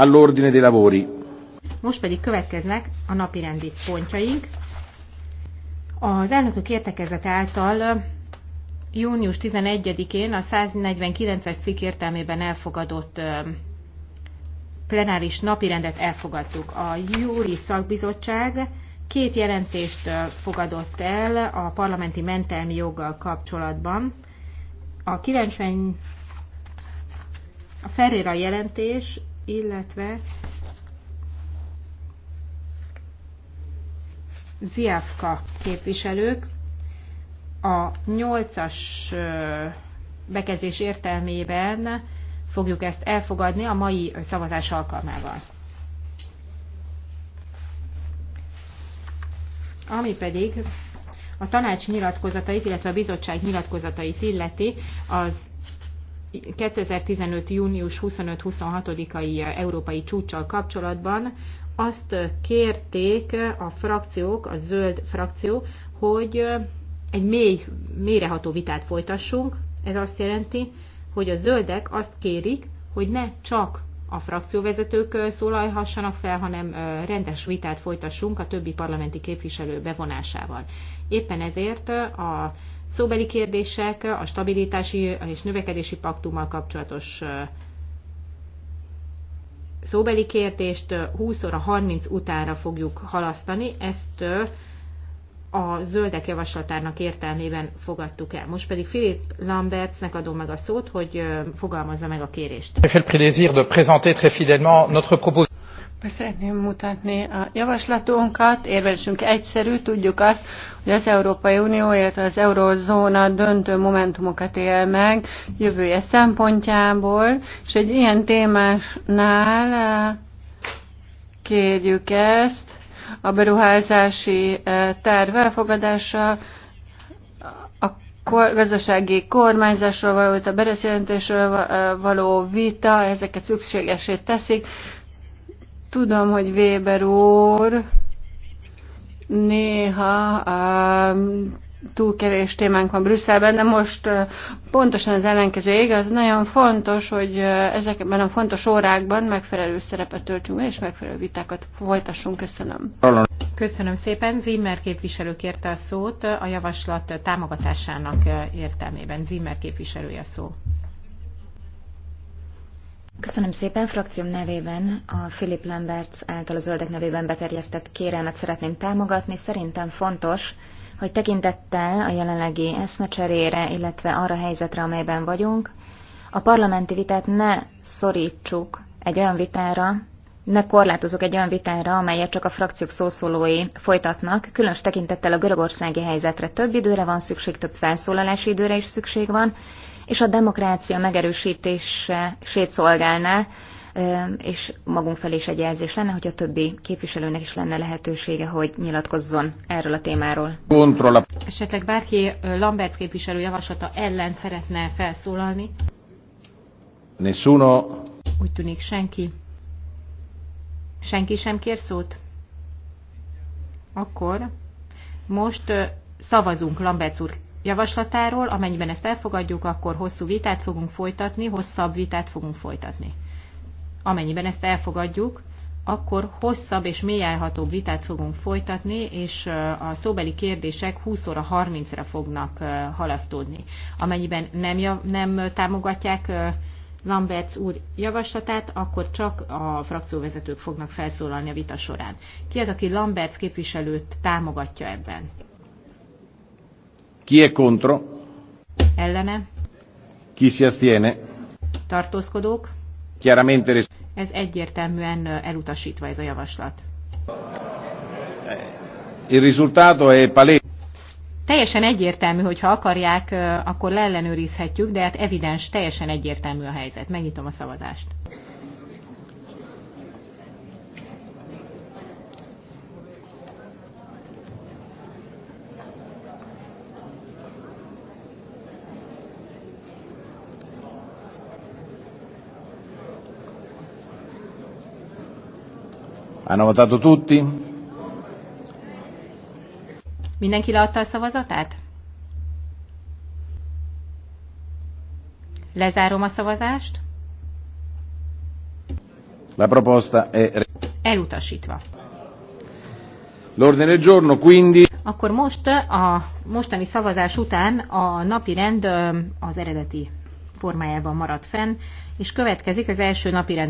all'ordine dei lavori. Most pedig következnek a napirendi pontjaink. Az elnökök értekezete által június 11-én a 149-es cikk értelmében elfogadott plenáris napirendet elfogadtuk. A júri szakbizottság két jelentést fogadott el a parlamenti mentelmi joggal kapcsolatban. A 90 a Ferreira jelentés illetve ziafka képviselők a nyolcas bekezdés értelmében fogjuk ezt elfogadni a mai szavazás alkalmával. Ami pedig a tanács nyilatkozatait, illetve a bizottság nyilatkozatait illeti, az 2015. június 25-26-ai európai csúcsal kapcsolatban azt kérték a frakciók, a zöld frakció, hogy egy mély, méreható vitát folytassunk. Ez azt jelenti, hogy a zöldek azt kérik, hogy ne csak a frakcióvezetők szólalhassanak fel, hanem rendes vitát folytassunk a többi parlamenti képviselő bevonásával. Éppen ezért a szóbeli kérdések a stabilitási és növekedési paktummal kapcsolatos szóbeli kérdést 20 óra 30 utára fogjuk halasztani, ezt a zöldek javaslatának értelmében fogadtuk el. Most pedig Philip Lambertsnek adom meg a szót, hogy fogalmazza meg a kérést szeretném mutatni a javaslatunkat. Érvelésünk egyszerű, tudjuk azt, hogy az Európai Unió, illetve az Eurózóna döntő momentumokat él meg jövője szempontjából, és egy ilyen témásnál eh, kérjük ezt a beruházási eh, terv elfogadása, a gazdasági kormányzásról való, a bereszélentésről eh, való vita, ezeket szükségesét teszik, Tudom, hogy Weber úr néha a túlkevés témánk van Brüsszelben, de most pontosan az ellenkező igaz. Nagyon fontos, hogy ezekben a fontos órákban megfelelő szerepet töltsünk be, és megfelelő vitákat folytassunk. Köszönöm. Köszönöm szépen. Zimmer képviselő kérte a szót a javaslat támogatásának értelmében. Zimmer képviselője a szó. Köszönöm szépen. Frakcióm nevében a Philip Lambert által a zöldek nevében beterjesztett kérelmet szeretném támogatni. Szerintem fontos, hogy tekintettel a jelenlegi eszmecserére, illetve arra helyzetre, amelyben vagyunk, a parlamenti vitát ne szorítsuk egy olyan vitára, ne korlátozok egy olyan vitára, amelyet csak a frakciók szószólói folytatnak, különös tekintettel a görögországi helyzetre több időre van szükség, több felszólalási időre is szükség van, és a demokrácia megerősítését szolgálná, és magunk felé is egy jelzés lenne, hogy a többi képviselőnek is lenne lehetősége, hogy nyilatkozzon erről a témáról. Kontrola. Esetleg bárki Lambert képviselő javaslata ellen szeretne felszólalni? Nessuno. Úgy tűnik senki. Senki sem kér szót? Akkor most szavazunk Lambert úr javaslatáról, amennyiben ezt elfogadjuk, akkor hosszú vitát fogunk folytatni, hosszabb vitát fogunk folytatni. Amennyiben ezt elfogadjuk, akkor hosszabb és mélyelhatóbb vitát fogunk folytatni, és a szóbeli kérdések 20 óra 30-ra fognak halasztódni. Amennyiben nem, nem támogatják Lamberts úr javaslatát, akkor csak a frakcióvezetők fognak felszólalni a vita során. Ki az, aki Lamberts képviselőt támogatja ebben? Chi è contro? Ellene. Chi si astiene? Tartózkodók. Chiaramente ez egyértelműen elutasítva ez a javaslat. Eh, il risultato è palese. Teljesen egyértelmű, hogy ha akarják, akkor leellenőrizhetjük, de hát evidens, teljesen egyértelmű a helyzet. Megnyitom a szavazást. Hanno votato tutti? Mindenki leadta a szavazatát? Lezárom a szavazást. La proposta è... Elutasítva. L'ordine del giorno quindi... Akkor most a mostani szavazás után a napi rend az eredeti formájában maradt fenn, és következik az első napi rend